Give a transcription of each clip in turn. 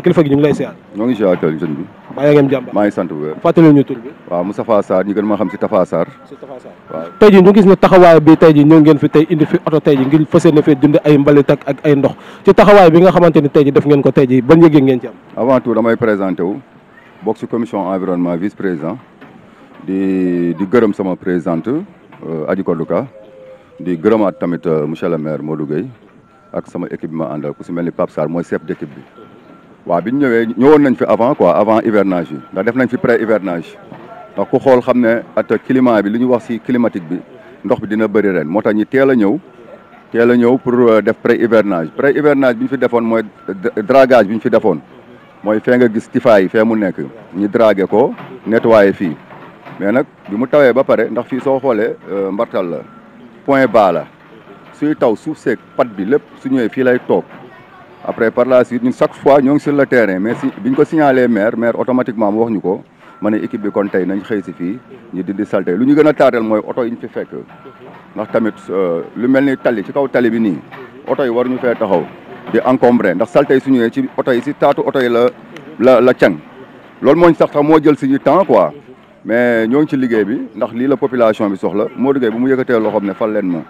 Tivaouane kilifa gi ñu ngi lay siyaar ñoo ngi siyaar kër jeune bi maa ngi ngeen jàmm maa ngi sant bu wér fàttali ñu tur bi waaw Moustapha Sarr ñu gën ma xam si Tafa Sarr si Tafa Sarr waaw tey ji ñu gis ne taxawaay bi tey ji ñëw ngeen fi tey indi fi oto tey ji ngir fas yéene fee dund ay mbalit ak ak ay ndox ci taxawaay bi nga xamante ni tey ji def ngeen ko tey ji ban yëg-yëg ngeen ci am avant tout damay présenté wu bokk si commission environnement vice président di di gërëm sama présidente euh, Adji Kodouka di gërëmaat tamit euh, monsieur le maire Modou Gueye ak sama équipe bi ma àndal ku si mel ni Pape Sarr mooy chef d'équipe bi waaw bi ñu ñëwee ñëwoon nañ fi avant quoi avant hivernage yi ndax def nañ fi pré hivernage ndax ku xool xam ne at climat bi li ñu wax si climatique bi ndox bi dina bëri ren moo tax ñu teel a ñëw teel a ñëw pour euh, def pré hivernage pré hivernage bi ñu fi defoon mooy dragage bi ñu fi defoon mooy fee nga gis tifaay fee mu nekk ñu dragué ko nettoyé fii mais nag bi mu tawee ba pare ndax fii soo xoolee euh, mbartal la point bas la suy taw suuf seeg pat bi lépp su ñëwee fii lay toog après par la suite ñun chaque fois ñoo ngi sur le terrain mais si bi ñu ko signalé maire maire automatiquement mu wax ñu ko ma ne équipe bi kon tey nañ xëy si fi ñu dindi salté lu ñu gën a taadal mooy oto yi fi fekk ndax tamit euh, lu mel ni tali ci kaw tali bi nii oto yi war ñu fee taxaw di encombré ndax salté yi suñëwee ci oto yi si taatu oto yi la la la cang loolu mooñ sax tax moo jël suñu temps quoi mais ñoo ngi ci liggéey bi ndax lii la population bi soxla moo Gueye bu mu yëkkatee loxoom ne fal leen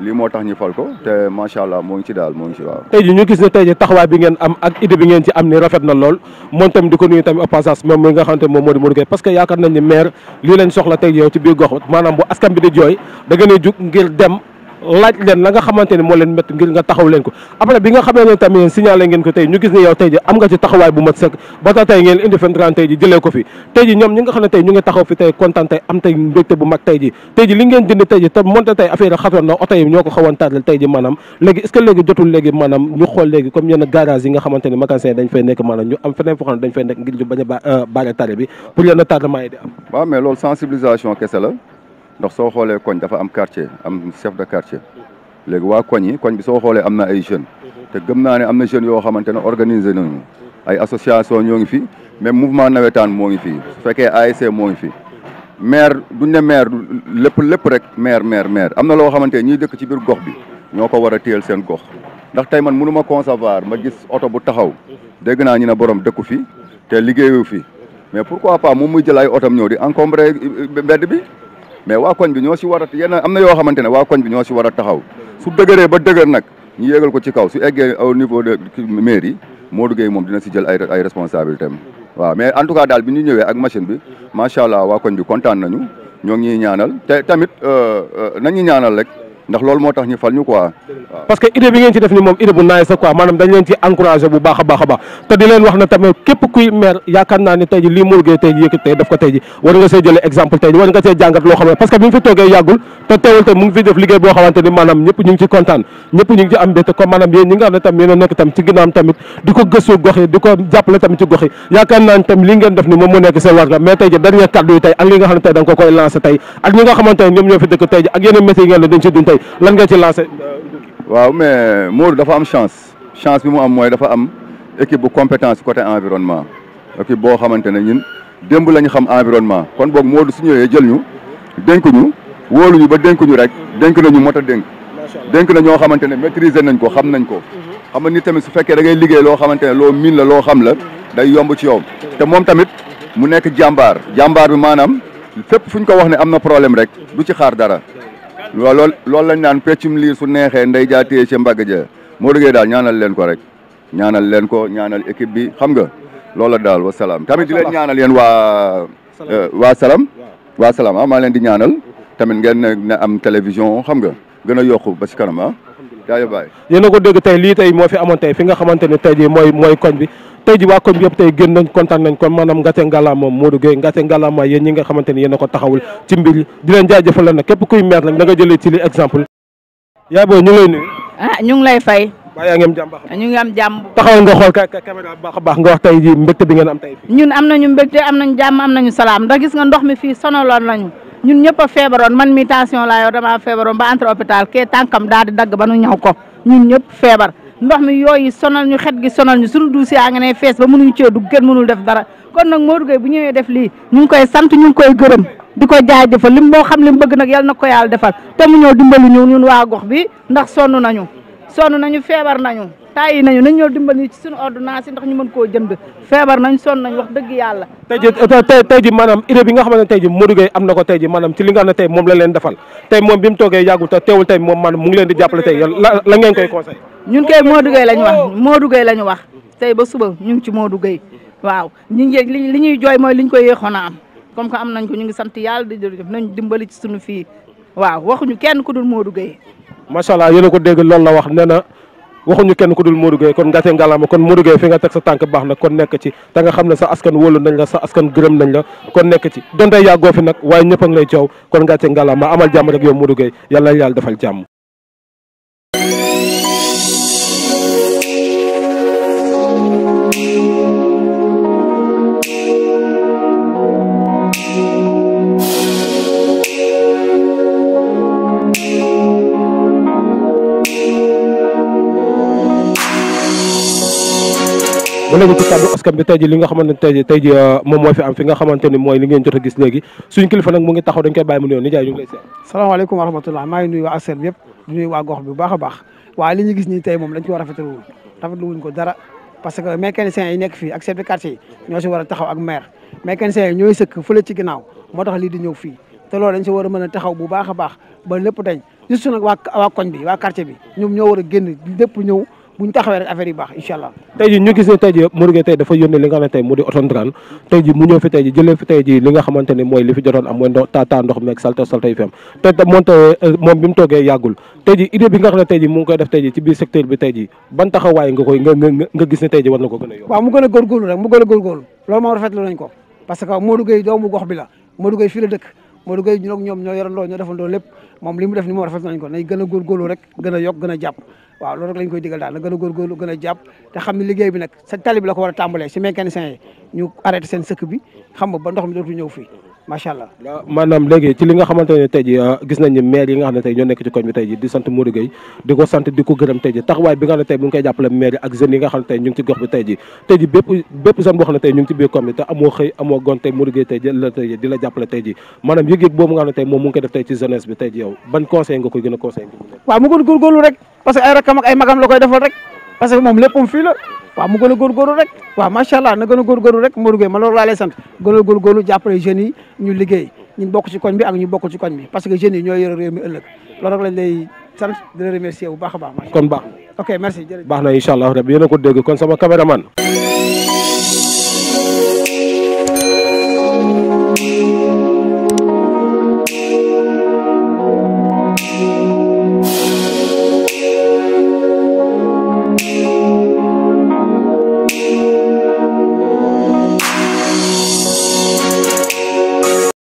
lii moo tax ñu fal ko te macha allah moo ngi ci daal moo ngi ci waaw. tey ji ñu gis ne tey ji taxawaay bi ngeen am ak idée bi ngeen ci am ni rafet na lool moom tamit di ko nuyu tamit au moom moo di Modou Gueye parce que yaakaar nañ ne maire lii lañ soxla tey yow ci biir gox maanaam bu askan bi di jooy da ngeen a jug ngir dem laaj leen la nga xamante ne moo leen métti ngir nga taxaw leen ko après am nga ci taxawaay bu mat sëkk ba tay tey ngeen indi fen grand tey ko fi tey ji ñoom ñi nga xam ne tey ñu ngi taxaw fi tey kontaan tey am tey mbégte bu mag tey ji tey ji li ngeen dindi tey ji te monte tey affaire xatoon na oto yi ñoo ko xawoon tardel tey ji maanaam léegi est-ce que léegi jotul léegi maanaam ñu xool léegi comme yenn garage nga xamante ne dañ fay nekk maanaam ñu am feneen foo xam a baare euh, tare bi la ndax soo xoolee koñ dafa am quartier am chef de quartier léegi waa koñ yi koñ bi soo xoolee am na ay jeunes te gëm naa ne am na jeunes yoo xamante ne organisé nañu ay association ñoo ngi fi même mouvement nawetaan moo ngi fi su fekkee ay moo ngi fi maire duñ ne maire lépp lépp rek maire maire maire am na loo xamante ne ñiy dëkk ci biir gox bi ñoo ko war a téyel seen gox ndax tey man mënu consevoir ma gis oto bu taxaw dégg naa ñu na borom dëkku fi te liggéeyu fi mais pourquoi pas moom muy jël ay otom ñëw di encombré euh, mbedd bi mais waa koñ bi ñoo si war a yenn am na yoo xamante ne waa koñ bi ñoo si war a taxaw su dëgëree ba dëgër nag ñu yéegal ko ci kaw su egge au niveau de mairie Modou Gueye moom dina si jël ay ay responsabilité am mais en tout cas daal bi ñu ñëwee ak machine bi macha allah waa koñ bi kontaan nañu ñoo ngi ñuy ñaanal te tamit na euh, euh, nañu ñaanal rek. ndax loolu moo tax ñu fal ñu quoi parce que idée bi ngeen ci def ni moom idée bu naay sa quoi maanaam dañ leen ci encouragé bu baax a baax a baax te di leen wax na tamit képp kuy maire yaakaar naa ni tey ji lii mulgéey tey ji yëkkati a nekk tam ci ginnaam tamit di ko gëstu gox di ko jàppale tamit ci gox yaakaar naa ni li ngeen def ni moom mu nekk seen war mais tey ji ko koy lancé tey ak ñi nga xamante ñoom ñoo fi dëkk tey ak yeneen lan nga ci lancé. Euh, waaw mais Modou dafa am chance chance bi mu am mooy dafa am équipe bu compétence côté environnement équipe boo xamante ne ñun démb la ñu xam environnement kon boog Modou si ñëwee jël ñu denk ñu wóolu ñu ba dénk ñu rek denk nañu mot a dénk. denk na ñoo xamante ne maîtriser nañ ko xam nañ ko. Mhm. xam nga ni tamit su fekkee da ngay liggéey loo xamante ne loo miin la loo xam la day yomb ci yow te moom tamit mu nekk jàmbaar jàmbaar bi maanaam fépp fu ñu ko wax ne am na problème rek du ci xaar dara. loolu loolu lañ naan peccum liir su neexee nday jaatee ca mbagg ja moo dëggee daal ñaanal leen ko rek ñaanal leen ko ñaanal équipe bi xam nga loola daal wa tamit di leen ñaanal yéen waa euh, waa salam waa salam ah maa leen di ñaanal tamit ngeen na am télévision xam nga gën a yokku ba si kanam ah yéen ko dégg tey lii tey moo fi amoon tey fi nga xamante ne tey jii mooy koñ bi tey ji waa koñ bi yëpp tey génn nañ kontaan nañ kon maanaam a taxawul ah, nga xool ka caméra baax a baax nga wax tey ji mbégte bi ngeen am tey fii ñun am nañu mbégte am nañu jàmm am nañu salaam ndax nga ndox mi fii sonaloon nañu ñun ñëpp a feebaroon man mi tension laa yow feebaroon ba entre hôpital kee tànkam daal di dagg ba nu ñaw ko ñun ñëpp feebar ndox mi yooyu sonal ñu xet gi sonal ñu suñu duus yaa nga fees ba mënuñu cee dugg kenn mënul def dara kon nag Modou Gueye bu ñëwee def lii ñu ngi koy sant ñu ngi gërëm di ko jaajëfal lim moo xam lim bëgg yàlla na ko yàlla defal te mu ñëw dimbali ñu ñun waa bi ndax sonn nañu sonn nañu feebar nañu tàyyi nañu nañ ñoo dimbali ci suñu ordonnance yi ndax ñu mën koo jënd feebar nañ sonn nañ tey tey ji maanaam bi nga xamante tey ji Modou Gueye am na ko tey ji leen defal tey moom bi mu toogee yàggul te teewul tey moom maanaam mu ngi leen di jàppale tey la ngeen koy conseil ñun kay Modou Gueye lañ wax oh. Modou Gueye lañu wax tey ba suba ñu ngi ci Modou Gueye waaw ñu ngi li li ñuy jooy mooy li ñu koy yéexoon a am comme que am nañ ko ñu ngi sant yàlla di jëf nañ dimbali ci suñu fii waaw waxuñu kenn ku dul Modou Gueye. a ko dégg loolu la wax nee na waxuñu kenn ku dul Modou Gueye kon gàcce ngalaama kon Modou Gueye fi nga teg sa tànk baax na kon nekk ci te nga xam ne sa askan wóolu nañ la sa askan gërëm nañ la kon nekk ci donte yàggoo fi nag waaye ñëpp a ngi lay coow kon gàcce ngalaama amal jàmm rek yow Modou Gueye na yàlla defal jàmm. mu nekk ci kàddu askan bi tey ji xamante ne ni euh, mooy li ngeen jot gis léegi suñu kilifa nag mu a baax waaye li ñu moom dañ ko rafetlu wuñ rafetlu wuñ ko dara parce que mécaniciens yi nekk fi ak chef de quartier ñoo si war a taxaw ak maire mécaniciens yi ñooy sëkk fële ci ginnaaw moo tax lii di ñëw fii te loolu dañ si war a mën a taxaw bu baax a baax ba lépp dañ juste nag waa koñ bi waa quartier bi ñoom ñoo war a génn lépp ñëw bu ñu taxawee rek affaire yi baax incha allah tey ji ñu gis ne tey ji Mourou Gueye tey dafa yónni ne fi tey ji jëlee fi tey li nga xamante mooy li fi jotoon am mooy ndox tata ndox meeg salte salte yi fi am euh, moom bi mu toogee yàggul tey ji idée bi nga xam ne tey ji mu ngi koy def tey ji ci biir secteur bi tey ji ban taxawaay nga koy nga gis ne tey ji war na ko gën a yóbbu waaw mu gën a góorgóorlu rek mu gën a góorgóorlu loolu moom rafetlu nañ ko parce que Mourou Gueye doomu Modou Gueye ñu nag ñoom ñoo yorandoo ñoo defandoo lépp moom li mu def ni moom rafet nañ ko nay gën a góorgóorlu rek gën a yokk gën a waaw loolu rek lañ koy digal daal na gën a góorgóorlu gën a jàpp te xam ne liggéey bi nag sa tali bi la ko war a tàmbalee si mécanicien yi ñu arrêté seen sëkk bi xam nga ba ndox mi dootu ñëw fii macha allah maanaam léegi ci li nga xamante tey ah, gis nañ ni nga xam tey ñoo nekk ci koñ bi tey ji di sant Modou di ko sant di ko gërëm tey ji taxawaay bi nga xam ne tey mu ci bi tey te amoo xëy amoo gon tey moom mu ngi def tey ci jeunesse bi tey ji yow ban conseil nga koy gën conseil waaw mu gën góorgóorlu rek parce que ay magam la koy defal rek parce que moom léppam fii la waaw mu gën a góorgóorlu rek waaw macha allah na gën a góorgóorlu rek Modou Gueye ma loolu laa lay sant gën a góorgóorlu jàppale jeunes yi ñu liggéey ñu bokk ci koñ bi ak ñu bokkul ci koñ bi parce que jeunes yi ñooy yore réew mi ëllëg loolu rek lañ lay sant di la remercier baax a baax. kon baax ok merci jërëjëf. baax na incha allah rabi yéen a kon sama caméraman.